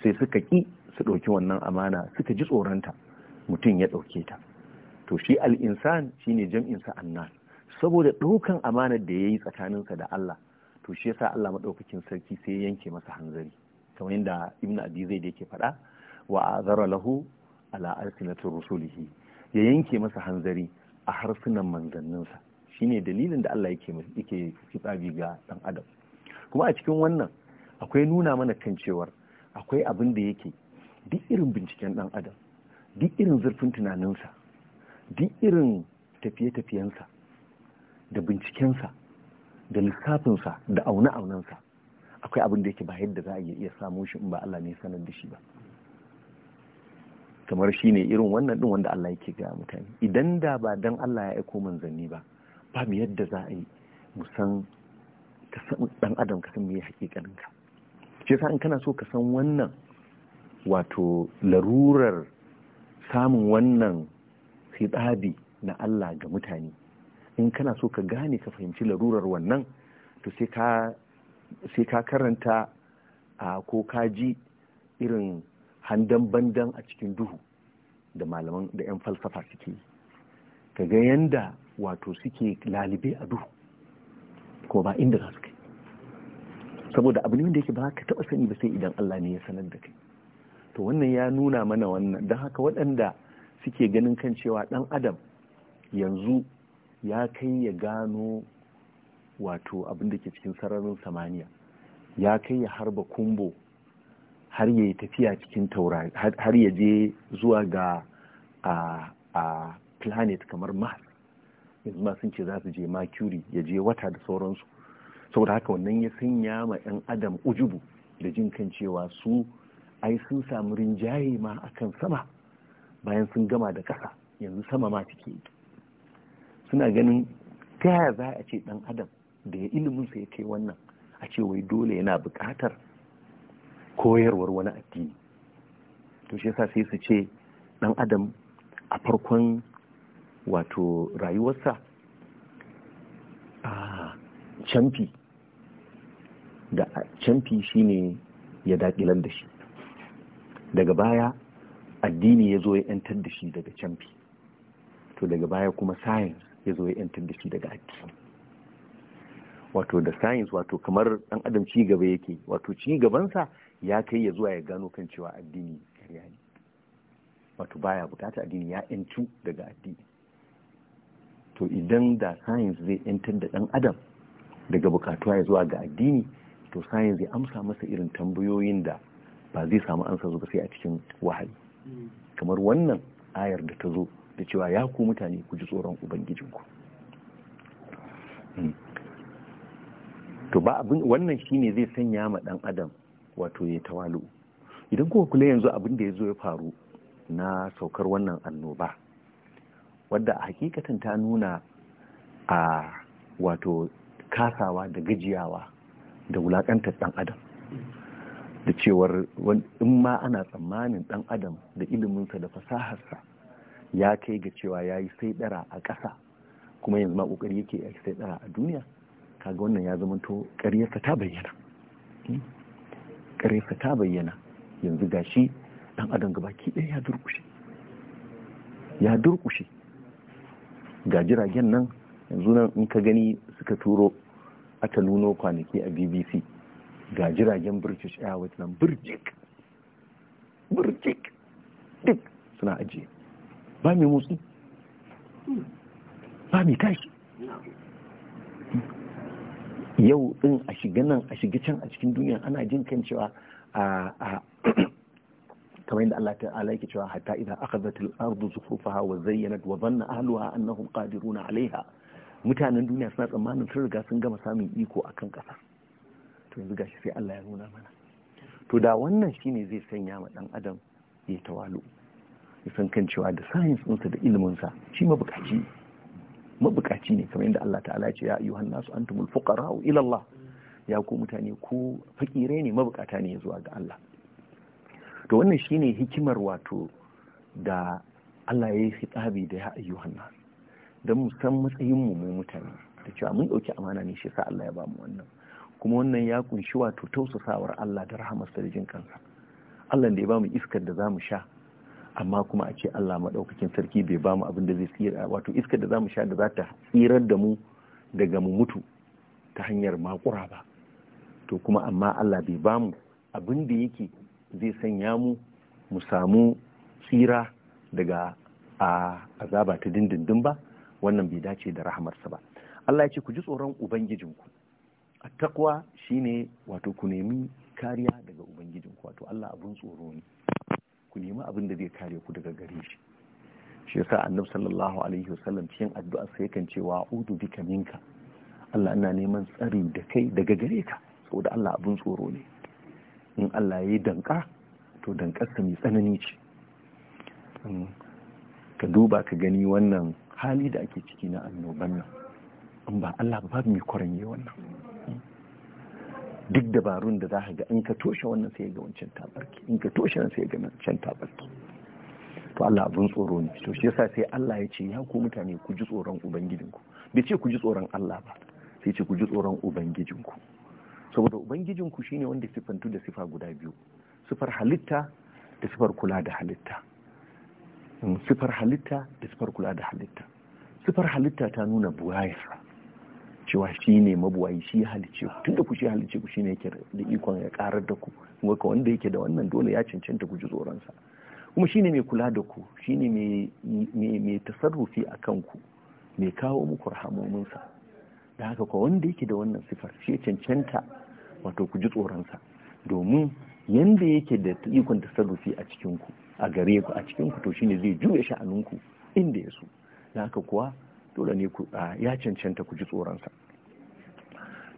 sai suka ƙi su ɗauki wannan amana suka ji tsoronta mutum ya ɗauke ta to shi al-insan shine jam'insa annan saboda ɗaukan amanar da ya yi tsakaninsa da Allah to shi yasa Allah madaukakin sarki sai yanke masa hanzari kamar yadda Ibn Abi Zaid yake faɗa wa azara lahu ala alsinati rusulihi ya yanke masa hanzari a harsunan manzanninsa shine dalilin da Allah yake yake fitsabi ga dan adam kuma a cikin wannan akwai nuna mana kan cewar akwai abin da yake duk irin binciken dan adam duk irin zurfin tunaninsa duk irin tafiye-tafiyensa da bincikensa da lissafinsa da aune-aunensa akwai abin da yake ba yadda za a iya samu shi in ba Allah ne sanar da shi ba kamar shi ne irin wannan din wanda Allah yake ga mutane idan da ba dan Allah ya aiko manzanni ba babu yadda za a yi musan ka san dan adam ka san meye hakikanin ka shi in kana so ka san wannan wato larurar samun wannan tsabi na Allah ga mutane in kana so ka gane ka fahimci larurar wannan to sai ka karanta a ko ka ji irin handan bandan a cikin duhu da malaman da 'yan falsafa suke ka ga yanda wato suke lalibe a duhu ko ba inda za su kai saboda abu ne wanda yake ba ka taba sani ba sai idan Allah ne ya sanar da kai to wannan ya nuna mana wannan don haka waɗanda suke ganin kan cewa ɗan adam yanzu ya kai ya gano wato abin da ke cikin sararin samaniya ya kai ya harba kumbo har ya yi tafiya cikin taurari har ya je zuwa ga a planet kamar mars yanzu ma sun ce za su je mercury ya je wata da sauransu saboda haka wannan ya sanya ma 'yan adam ujubu da jin kan cewa su ai sun samu rinjaye ma akan sama bayan sun gama da ƙasa yanzu sama ma take yi suna ganin ta yaya za a ce dan adam da ya iliminsa ya kai wannan a ce wai dole yana buƙatar koyarwar wani addini to shi yasa sai su ce dan adam a farkon wato rayuwarsa a camfi da shine ya daƙilar da shi daga baya addini ya zo ya 'yantar da shi daga camfi to daga baya kuma science ya zo ya yantar da shi daga haƙƙi wato da science wato kamar ɗan adam ci gaba yake wato cigabansa ya kai ya zuwa ya gano kan cewa addini ƙarya ne wato baya bukata addini ya yantu daga addini to idan da science zai yantar da ɗan adam daga bukatuwa ya zuwa ga addini to science zai amsa masa irin tambayoyin da ba zai samu ansa zuwa sai a cikin wahayi hmm. kamar wannan ayar da ta zo da cewa ya ku mutane ku ji tsoron ubangijinku hmm. to ba abin wannan shine zai sanya ma dan adam wato ya tawalu idan kuka kula yanzu abin da ya zo ya faru na saukar wannan annoba wadda a hakikatan ta nuna a wato kasawa da gajiyawa da wulakantar dan adam da cewar in ma ana tsammanin dan adam da iliminsa da fasaharsa ya kai ga cewa ya yi sai dara a ƙasa kuma yanzu ma ƙoƙari yake ya sai dara a duniya kaga wannan ya zama to ƙaryarsa ta bayyana hmm? ƙaryarsa ta bayyana yanzu gashi ɗan adam gabaki ɗaya ya durkushe ya durkushe ga jiragen nan yanzu nan in ka gani suka turo aka nuno kwanaki a bbc ga jiragen british airways nan birjik birjik duk suna ajiye ba mai motsi ba mai tashi yau din a shiga nan a shiga can a cikin duniya ana jin kan cewa a kamar yadda Allah ta'ala alaiki cewa hatta idan aka akhadhatil ardu zukhrufaha wa zayyanat wa dhanna ahluha annahum qadiruna 'alayha mutanen duniya suna tsammanin sun riga sun gama samun iko akan kasa to yanzu gashi sai Allah ya nuna mana to da wannan shine zai sanya ma dan adam ya tawalu san kan cewa da science ɗinsa da iliminsa shi mabukaci mabukaci ne kamar yadda Allah ta'ala ce ya ayyuhan nasu antumul fuqara ila Allah ya ku mutane ku fakire ne mabukata ne zuwa ga Allah to wannan shine hikimar wato da Allah ya yi hitsabi da ya ayyuhan nasu dan mu san matsayin mu mutane da cewa mun dauki amana ne shi sa Allah ya ba mu wannan kuma wannan ya kunshi wato tausasawar Allah da rahamarsa da jin kansa Allah da ya ba mu iskar da za mu sha amma kuma a ce Allah maɗaukakin sarki bai ba mu abin da zai tsira wato iska da za mu sha da za ta tsirar da mu daga mu mutu ta hanyar makura ba to kuma amma Allah bai ba mu abin da yake zai sanya mu mu samu tsira daga a azaba ta dindindin ba wannan bai dace da rahamarsa ba Allah ya ce ku ji tsoron ubangijinku attaqwa shine wato ku nemi kariya daga ubangijinku wato Allah abun tsoro ne ku nemi abin da zai kare ku daga gare shi shi yasa annabi sallallahu alaihi wasallam cikin addu'a sai kan cewa udu bika minka Allah ina neman tsari da kai daga gare ka saboda Allah abin tsoro ne in Allah ya yi danka to dankarsa mai tsanani ce ka duba ka gani wannan hali da ake ciki na annoban nan in ba Allah ba mai kwaran yi wannan duk dabarun da za ka ga in ka toshe wannan sai ga wancan tabarki in ka toshe wannan sai ga wancan tabarki to Allah abun tsoro ne to shi yasa sai Allah ya ce ya ku mutane ku ji tsoron ubangijinku bai ce ku ji tsoron Allah ba sai ce ku ji tsoron ubangijinku saboda ubangijinku shine wanda sifantu da sifa guda biyu sifar halitta da sifar kula da halitta hmm, sifar halitta da sifar kula da halitta sifar halitta ta nuna buwayarsa cewa shi ne mabuwayi shi ya halice ku tunda ku shi halice ku shine yake da ikon ya karar da ku waka wanda yake da wannan dole ya cancanta ku ji tsoronsa kuma shine mai kula da ku shine mai tasarrufi a kan ku mai kawo muku rahamominsa da haka kuwa wanda yake da wannan sifar shi cancanta wato ku ji tsoronsa domin yanda yake da ikon tasarrufi a cikinku a gare ku a cikinku to shine zai juya sha'aninku inda ya so da haka kuwa dole ne ku ah, ya cancanta ku ji tsoronsa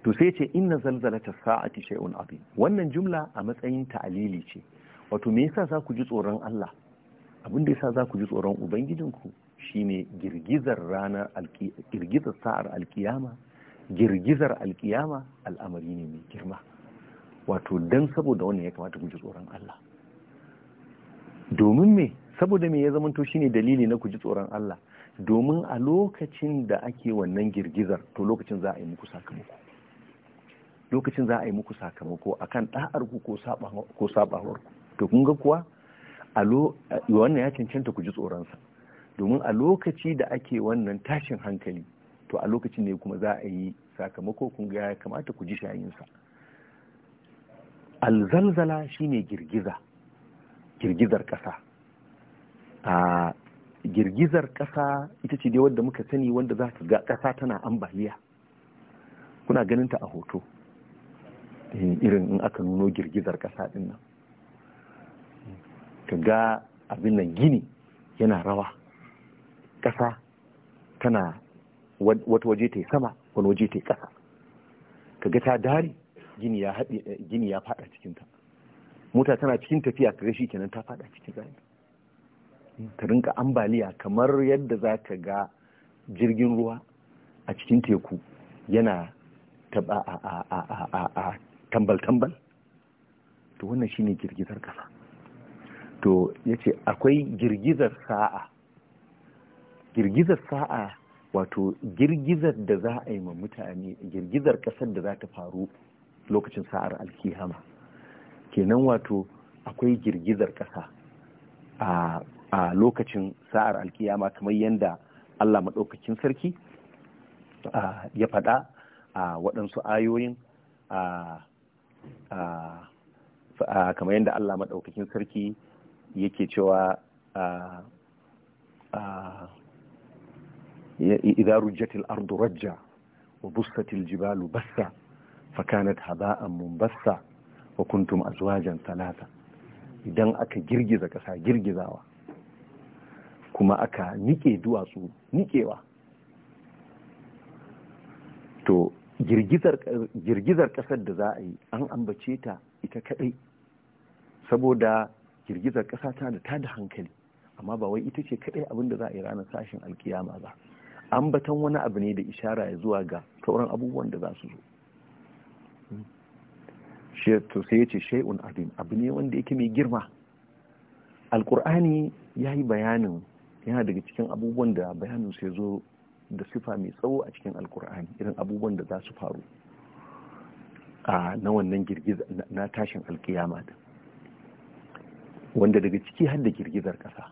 to sai ce inna zalzalata sa'ati shay'un abi wannan jumla a matsayin ta'alili ce wato me yasa za ku ji tsoron Allah abin da yasa za ku ji tsoron ubangijinku shine girgizar ranar girgizar sa'ar alkiyama girgizar alkiyama al'amari ne mai girma wato dan saboda wannan ya kamata ku ji tsoron Allah domin me saboda me ya zamanto shine dalili na ku ji tsoron Allah domin a lokacin da ake wannan girgizar to lokacin za a yi muku sakamako lokacin za a yi muku sakamako akan da'ar ku ko sabawar to kun ga kuwa wannan ya cancanta ku ji tsoronsa domin a lokaci da ake wannan tashin hankali to a lokacin ne kuma za a yi sakamako kun ga ya kamata ku ji shayinsa alzalzala shine girgiza girgizar ƙasa a ah, girgizar ƙasa ita ce dai wadda muka sani wanda za ka ga ƙasa tana ambaliya kuna ganin ta a hoto eh, irin in aka nuno girgizar ƙasa ɗin nan ka ga abin nan gini yana rawa ƙasa tana wata waje ta sama wani waje ta ƙasa ka ga ta dari gini ya faɗa cikinta mota tana cikin tafiya ka ga shi kenan ta faɗa cikin zai ta rinka ambaliya kamar yadda za ka ga jirgin ruwa a cikin teku yana taba a tambal-tambal to wannan shine girgizar kasa to ya ce akwai girgizar sa'a girgizar sa'a wato girgizar da za a yi ma mutane girgizar kasar da za ta faru lokacin sa'ar alkihama kenan wato akwai girgizar kasa a a lokacin sa'ar alkiyama kamar yadda Allah maɗaukakin sarki ya faɗa a waɗansu ayoyin kamar yadda Allah maɗaukakin sarki yake cewa إذا رجت الأرض رجا haza a بسا فكانت هباء منبسا وكنتم أزواجا talata idan aka girgiza ƙasa girgizawa kuma aka nike duwatsu nikewa to girgizar ƙasar da za a yi an ambace ta ita kaɗai saboda girgizar ƙasa ta da ta da hankali amma ba wai ita ce kaɗai abin da za a yi ranar sashen alkiyama ba ambatan wani abu ne da ishara ya zuwa ga sauran abubuwan da za su zo to sai ya ce shai'un abin abu ne wanda yake mai girma alkur'ani ya yi bayanin yana daga cikin abubuwan da bayanin sai zo da sifa mai tsawo a cikin alkur'ani irin abubuwan da za su faru a na wannan girgiza na tashin alkiyama da. wanda daga ciki har da girgizar ƙasa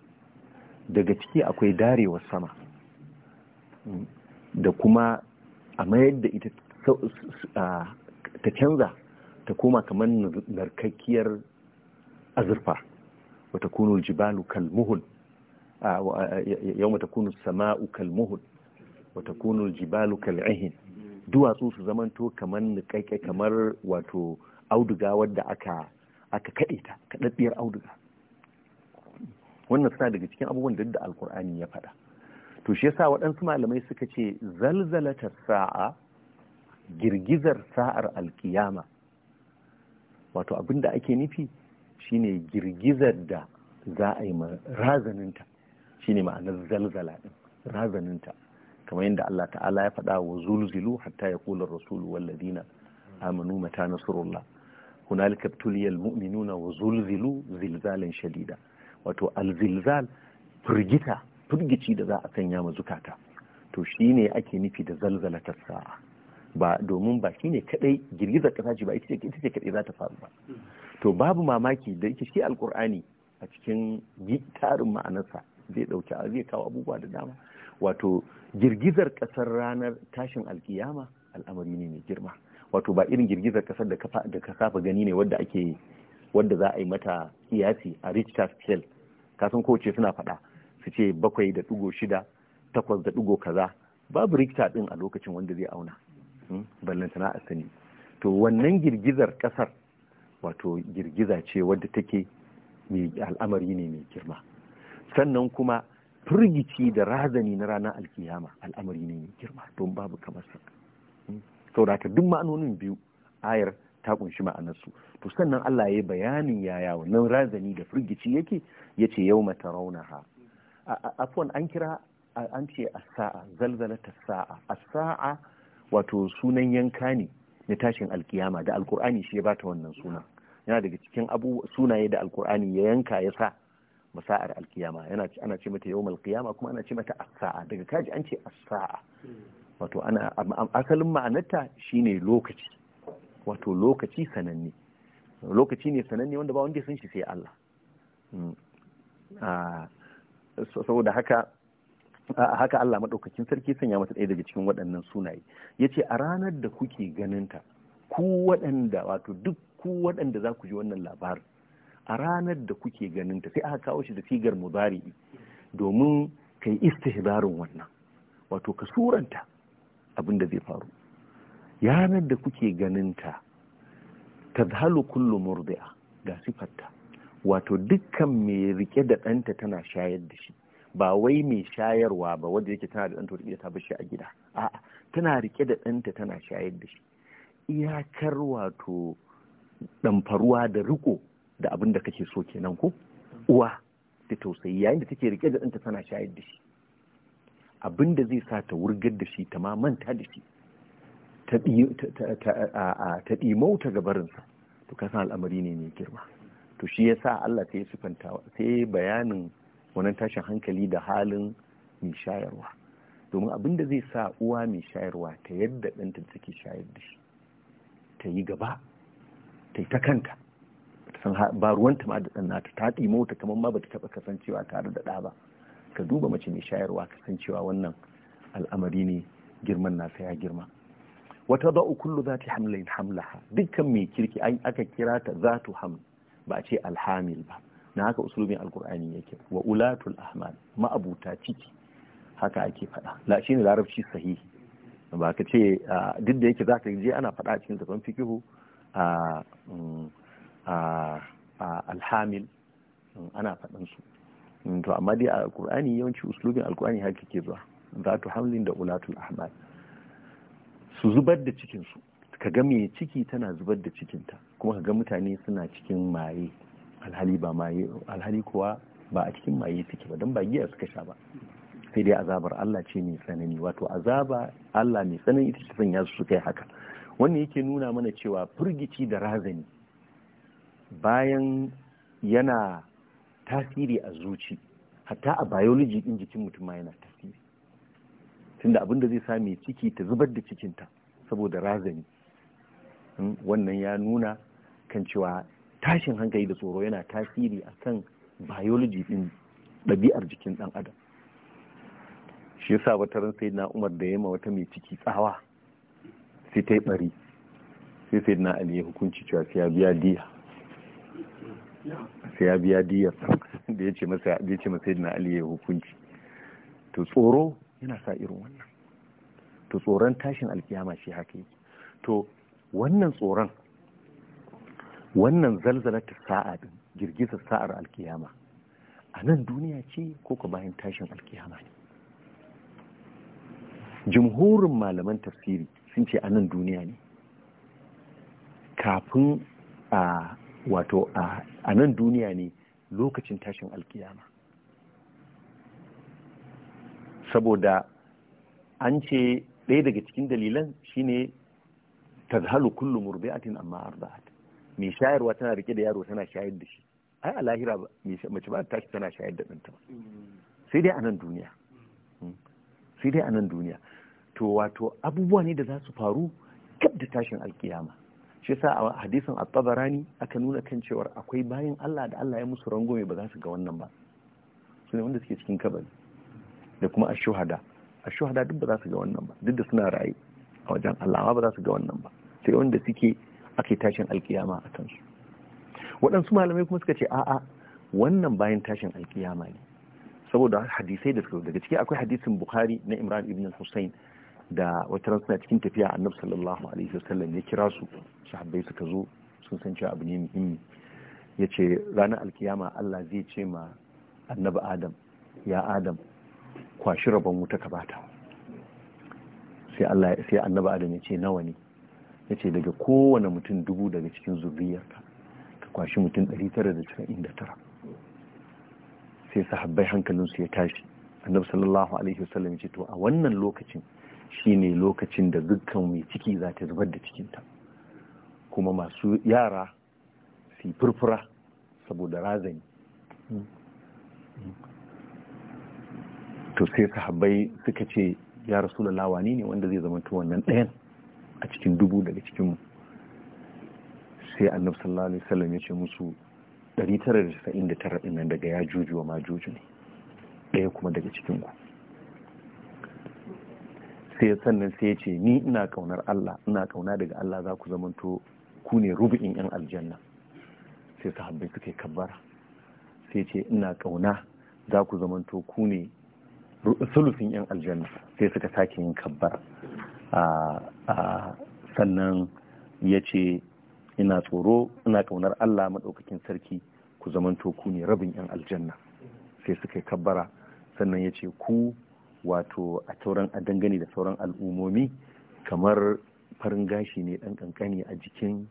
daga ciki akwai darewar sama mm, da kuma a mayar da ita ta canza ta koma kamar narkakkiyar azurfa wata kuno jibalu kalmuhul yawma kunu sama'u kalmuhul wata kunu jibalu kal'ihin duwatsu su zamanto kamar nukaike kamar wato auduga wadda aka aka ta kaɗaɗɗiyar auduga wannan suna daga cikin abubuwan da alkur'ani ya faɗa to shi yasa waɗansu malamai suka ce zalzalata sa'a girgizar sa'ar alkiyama wato abin da ake nufi shine girgizar da za a yi razaninta shine ma'anar zalzala din ta kamar yadda Allah ta'ala ya faɗa wa zulzilu hatta ya kula rasulu walladina amanu mata nasrullah hunalika tuliyal mu'minuna wa zulzilu zilzalan shadida wato alzilzal firgita firgici da za a sanya ma zukata to shine ake nufi da zalzala ta sa'a ba domin ba shine kadai girgizar kasa ce ba ita ce kadai za ta faru ba to babu mamaki da yake shi alqur'ani a cikin tarin ma'anarsa zai dauki zai kawo abubuwa da dama wato girgizar kasar ranar tashin alkiyama al'amari ne mai girma wato ba irin girgizar kasar da kafa ka saba gani ne wadda ake wadda za a yi mata kiyasi a Richter scale kasan kowace suna faɗa su ce bakwai da dugo shida takwas da dugo kaza babu Richter din a lokacin wanda zai auna hmm? ballantana a sani to wannan girgizar kasar wato girgiza ce wadda take al'amari ne mai girma sannan kuma firgici da razani na ranar alkiyama al'amari ne girma don babu kamar sa hmm? saboda duk ma'anonin biyu ayar ta kunshi su. to sannan Allah ya yi bayanin yaya wannan razani da firgici yake ya ce yau mata raunaha afuwan an kira an ce a saa zalzalata sa'a A saa wato sunan yanka ne na tashin alkiyama da alkur'ani shi ya bata wannan suna yana daga cikin abu sunaye da alkur'ani ya yanka ya sa masa'ar alkiyama yana ana ce mata yawmal qiyama kuma ana ce mata as-sa'a daga kaji an ce as wato ana asalin ma'anarta shine lokaci wato lokaci sananne lokaci ne sananne wanda ba wanda ya san shi sai Allah hmm. ah, saboda haka haka Allah madaukakin sarki sanya mata ɗaya daga cikin waɗannan sunaye yace a ranar da kuke ganinta ku waɗanda wato duk ku waɗanda za ku ji wannan labarin a ranar da kuke ganin ta sai aka kawo shi da sigar mubari domin kai istihbarin wannan wato ka suranta abin da zai faru yanar da kuke ganin ta tadhalu kullu murdi'a ga sifarta wato dukkan mai rike da ɗanta tana shayar da shi ba wai mai shayarwa ba wanda yake tana da ɗanta wadda ta bar shi a gida a'a tana rike da ɗanta tana shayar da shi iyakar wato ɗamfaruwa da riko da abin da kake so kenan ko uwa da tausayi yayin da take rike da ɗanta tana shayar da shi abin da zai sa ta wurgar da shi ta ma manta da shi ta ɗimauta gabarinsa to kasan al'amari ne mai girma to shi ya sa Allah ta yi sifanta sai bayanin wannan tashin hankali da halin mai shayarwa domin abin da zai sa uwa mai shayarwa ta yadda ɗanta take shayar da shi ta yi gaba ta yi ta kanta san ba ruwan ma da tsanna ta ɗi mota kamar ma bata taɓa kasancewa tare da ɗa ba ka duba mace mai shayarwa kasancewa wannan al'amari ne girman na ya girma wata za u kullu za zati hamlain hamlaha dukkan mai kirki an aka kira ta zatu ham ba a ce alhamil ba na haka usulubin alkur'ani yake wa ulatul ahmal ma'abuta ciki haka ake faɗa la ne larabci sahihi ba ka ce duk da yake za zaka je ana faɗa cikin tafan fikihu a mm, alhamil ana faɗin su to amma dai a alkur'ani yawanci uslubin alkur'ani haka ke zuwa za tu hamlin da ulatul ahmad su zubar da cikinsu ka ga mai ciki tana zubar da cikinta kuma ka ga mutane suna cikin maye alhali ba maye alhali kuwa ba a cikin maye suke ba Dan ba giya suka sha ba sai dai azabar Allah ce mai tsanani wato azaba Allah mai tsanani ita ce sanya su kai haka wannan yake nuna mana cewa firgici da razani bayan yana tasiri a zuci hatta a biology din jikin mutum ma yana tasiri tunda abin da zai sa mai ciki ta zubar da cikinta saboda razani hmm, wannan ya nuna kan cewa tashin hankali da tsoro yana tasiri a kan biology din ɗabi'ar jikin ɗan adam shi yasa wata ran sai na umar da yamma wata mai ciki tsawa sai ta yi bari sai sai na ali ya hukunci cewa sai ya biya diya sai ya biya diyar da ya ce masa ya hukunci to tsoro yana sa irin wannan to tsoron tashin alkiyama shi haka yake to wannan tsoron wannan ta sa'a din girgiza sa'ar alkiyama a nan duniya ce ko ka bayan tashin alkiyama ne jumhurin malaman tafsiri sun ce a nan duniya ne kafin a wato a nan duniya ne lokacin tashin alkiyama saboda an ce ɗaya daga cikin dalilan shine zahalu kullu murbi'atin amma arda'at mai shayarwa tana rike da yaro tana shayar da shi ai a lahira mace ba tashi tana shayar da ɗanta sai dai a nan duniya hmm. sai dai a nan duniya to wato abubuwa ne da za su faru kaf da tashin alkiyama shi sa a hadisan at-tabarani aka nuna kan cewar akwai bayin Allah da Allah ya musu rangwame ba za su ga wannan ba su ne wanda suke cikin kabari da kuma ash-shuhada ash-shuhada duk ba za su ga wannan ba duk da suna raye a wajen Allah ba za su ga wannan ba sai wanda suke ake tashin alkiyama a kansu waɗansu malamai kuma suka ce a'a wannan bayan tashin alkiyama ne saboda hadisai da suka daga ciki akwai hadisin bukhari na imran ibn husain da wata ran suna cikin tafiya annabi sallallahu alaihi wasallam ya kira su sahabbai suka zo sun san cewa abu ne muhimmi ya ce ranar alkiyama Allah zai ce ma annabi Adam ya Adam kwashi rabon wuta ka bata sai Allah sai annabi Adam ya ce nawa ne ya ce daga kowane mutum dubu daga cikin zuriyarka ka kwashi mutum 999 sai sahabbai hankalinsu ya tashi annabi sallallahu alaihi wasallam ya ce to a wannan lokacin shine lokacin da dukkan mai ciki za ta zubar da cikinta kuma masu yara su furfura saboda razani to sai sahabbai suka ce ya rasu da lawani ne wanda zai zama wannan ɗayan a cikin dubu daga cikinmu sai annabi sallallahu alaihi wasallam ya ce musu 999 ɗin nan daga ya juju wa ma ne ɗaya kuma daga cikinku sai sannan sai ya ce ni ina kaunar Allah ina kauna daga Allah za ku zamanto ku ne rubu'in yan aljanna sai sahabbai suka yi kabbara sai ce ina kauna za ku zamanto ku ne sulusin yan aljanna sai suka sake yin kabbara sannan ya ce ina tsoro ina kaunar Allah maɗaukakin sarki ku zamanto ku ne rabin yan aljanna sai suka yi kabbara sannan ya ce ku wato a tauran a dangane da sauran al'ummomi kamar farin gashi ne dan ƙanƙani a jikin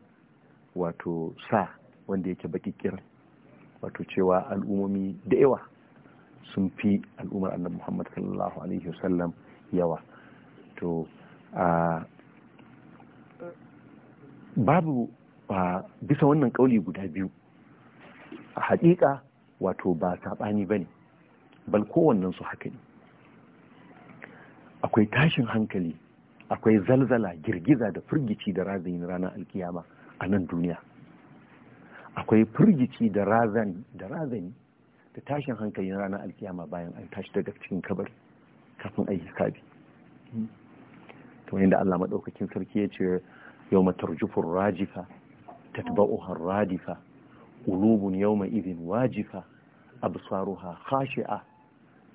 wato sa wanda yake baki kiran wato cewa al'ummomi da yawa sun fi al'ummar annabi muhammad sallallahu alaihi wasallam yawa to a babu a bisa wannan kauli guda biyu a haƙiƙa wato ba saɓani ba ne bal kowannen su haka ne akwai tashin hankali akwai zalzala girgiza da firgici da razani ranar alkiyama a nan duniya akwai firgici da razani da razani da tashin hankalin ranar alkiyama bayan an tashi daga cikin kabari kafin a yi hisabi kamar da Allah maɗaukakin sarki ya ce yau matarjufin rajifa tatba'uhar radifa ulubun yau izin wajifa absaruha khashi'a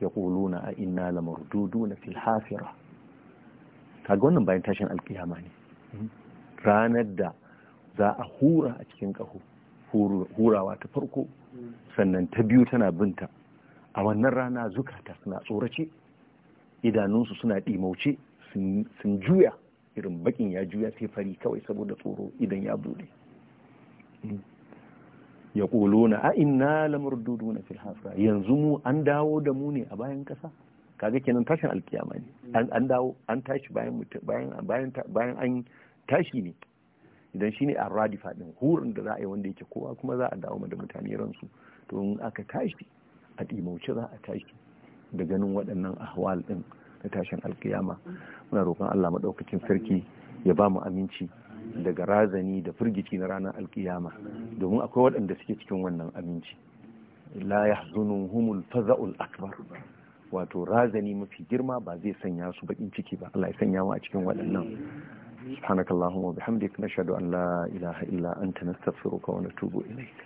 yaquluna a inna lamarduduna fil hafira kaga wannan bayan tashin alkiyama ne ranar da za a hura a cikin ƙaho hurawa ta farko sannan ta biyu tana binta a wannan rana zukata suna tsorace idanunsu suna ɗimauce sun juya irin bakin ya juya sai fari kawai saboda tsoro idan ya bude ya na a ina lamurduduna fil hasra yanzu mu an dawo da mu ne a bayan kasa kaga kenan tashin alkiyama ne an dawo an tashi bayan an tashi ne idan shine an radifa din hurin da za a yi wanda yake kowa kuma za a dawo da mutane ransu to in aka tashi a ɗimauci za a tashi da ganin waɗannan ahwal ɗin na tashin alkiyama muna roƙon Allah maɗaukacin sarki ya ba mu aminci daga razani da firgici na ranar alkiyama domin akwai waɗanda suke cikin wannan aminci la humul faza'ul akbar wato razani mafi girma ba zai sanya su baƙin ciki ba Allah ya sanya mu a cikin waɗannan subhanakallahumma wa bihamdika nashhadu an la ilaha illa anta nastaghfiruka wa natubu ilayk